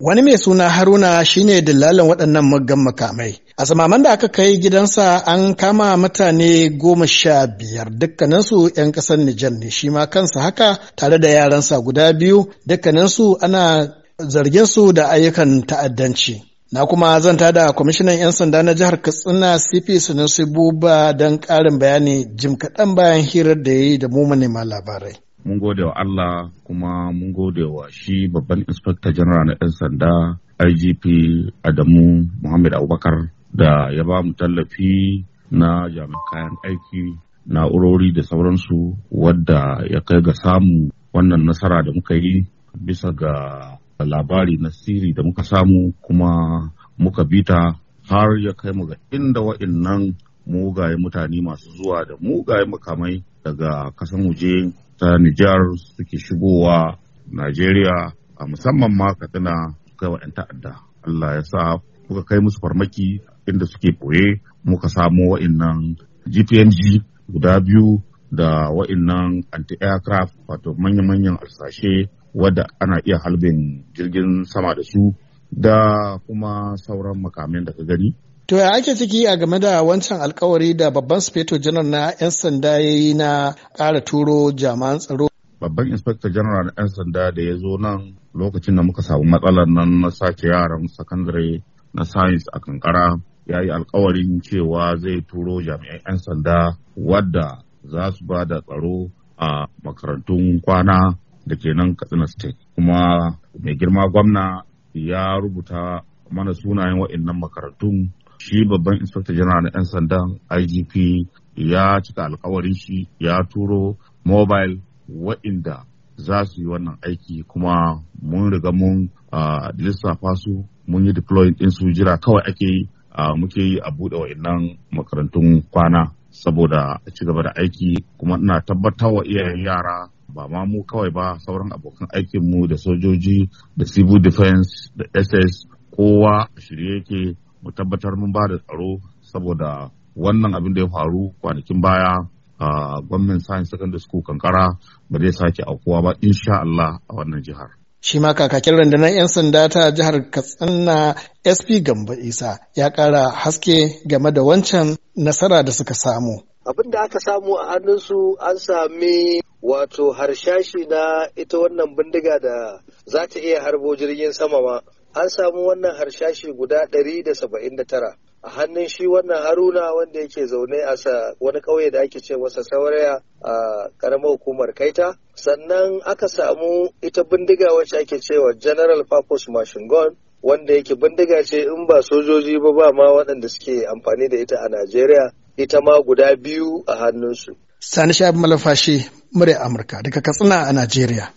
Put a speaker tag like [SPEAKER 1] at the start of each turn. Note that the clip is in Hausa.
[SPEAKER 1] Wani mai suna Haruna shine dillalin waɗannan muggan makamai. A samaman da aka kai gidansa an kama mutane goma sha biyar dukkaninsu 'yan ƙasar Nijar ne shi ma kansa haka tare da yaransa guda biyu dukkaninsu ana zarginsu da ayyukan ta'addanci. Na kuma zanta da kwamishinan 'yan sanda na jihar Katsina CP Sanusi Buba don ƙarin bayani jim kaɗan bayan hirar da ya yi da mu manema labarai.
[SPEAKER 2] mun gode wa Allah kuma mun gode wa shi babban inspector general na 'yan sanda IGP Adamu Muhammad Abubakar da ya ba mu tallafi na jami'an kayan aiki na'urori da sauransu wadda ya kai ga samu wannan nasara da muka yi bisa ga labari na siri da muka samu kuma muka bita har ya kai mu ga inda wa'innan mugaye mutane masu zuwa da mugaye makamai daga kasan waje ta Nijar suke shigowa Najeriya a musamman ma Katsina kai wa 'yan ta'adda. Allah ya sa kuka kai musu farmaki inda suke boye muka samo wa'innan GPMG guda biyu da wa'innan anti-aircraft wato manya-manyan alsashe wadda ana iya halbin jirgin sama da su da kuma sauran makamin da ka gani
[SPEAKER 1] To ya ake ciki a game da wancan alkawari da babban sufeto janar na 'yan sanda ya yi na ƙara turo jami'an
[SPEAKER 2] tsaro. Babban inspector general na 'yan sanda da ya zo nan lokacin da muka samu matsalar nan na sake yaran sakandare na science a kankara ya yi alkawarin cewa zai turo jami'an 'yan sanda wadda za su ba da tsaro a makarantun kwana da ke nan katsina state kuma mai girma gwamna ya rubuta mana sunayen waɗannan makarantun shi babban inspector general na 'yan sandan igp ya cika alkawarin shi ya turo mobile wa'inda za su yi wannan aiki kuma mun riga mun lissafa su mun yi deploying din su jira kawai ake yi muke yi a buɗe wa'innan makarantun kwana saboda a ci gaba da aiki kuma ina tabbatar wa iyayen yara ba ma mu kawai ba sauran abokan aikinmu da sojoji da civil defense da ss kowa shirye yake mu tabbatar mun ba da tsaro saboda wannan abin da ya faru kwanakin baya a gwamnan science secondary school kankara ba zai sake aukuwa ba insha Allah a wannan jihar.
[SPEAKER 1] Shi ma kakakin rundunar 'yan sanda ta jihar Katsina SP Gamba Isa ya ƙara haske game da wancan nasara da suka samu.
[SPEAKER 3] Abin da aka samu a hannunsu an sami wato harshashi na ita wannan bindiga da za ta iya harbo jirgin sama ma an samu wannan harshashi guda 179 a hannun shi wannan haruna wanda yake zaune a wani ƙauye da ake ce masa sauraya a ƙaramar hukumar kaita sannan aka samu ita bindiga wacce ake cewa general purpose machine gun wanda yake bindiga ce in ba sojoji ba ba ma waɗanda suke amfani da ita a najeriya ita ma guda biyu a hannunsu
[SPEAKER 1] sani shabi malafashi murya amurka
[SPEAKER 3] daga katsina a najeriya